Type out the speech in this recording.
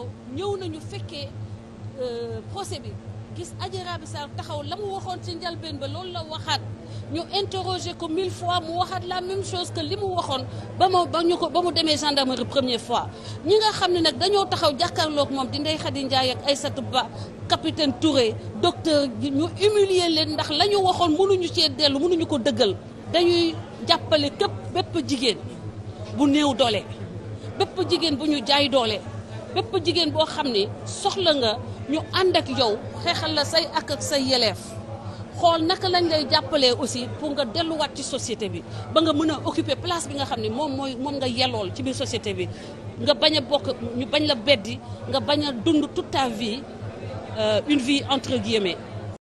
daaw ñëw nañu fekkee euh, procès bi gis Adji Raby Sarr taxaw la mu waxoon ci njalbeen ba loolu la waxaat ñu interroger ko mille fois mu waxaat la même chose que li mu waxoon ba ma ba ñu ko ba mu demee gendarmerie première fois ñi nga xam ne nag dañoo taxaw jàkkaarloog moom di Ndeye Khady Ndiaye ak Aïssatou Ba capitaine Touré ji ñu humilier leen ndax lañu ñu waxoon mënuñu cee dellu mënuñu ko dëggal dañuy jàppale képp bépp jigéen bu néew doole bépp jigéen bu ñu jaay doole bépp jigéen boo xam ne soxla nga ñu ànd ak yow xeexal la say ak ak say yeleef xool naka lañ lay jàppalee aussi pour nga delluwaat ci société bi ba nga mën a occuper place bi nga xam ni moom mooy moom nga yelool ci biir société bi nga bañ a bokk ñu bañ la beddi nga bañ a dund toute ta vie euh, une vie entre guillemets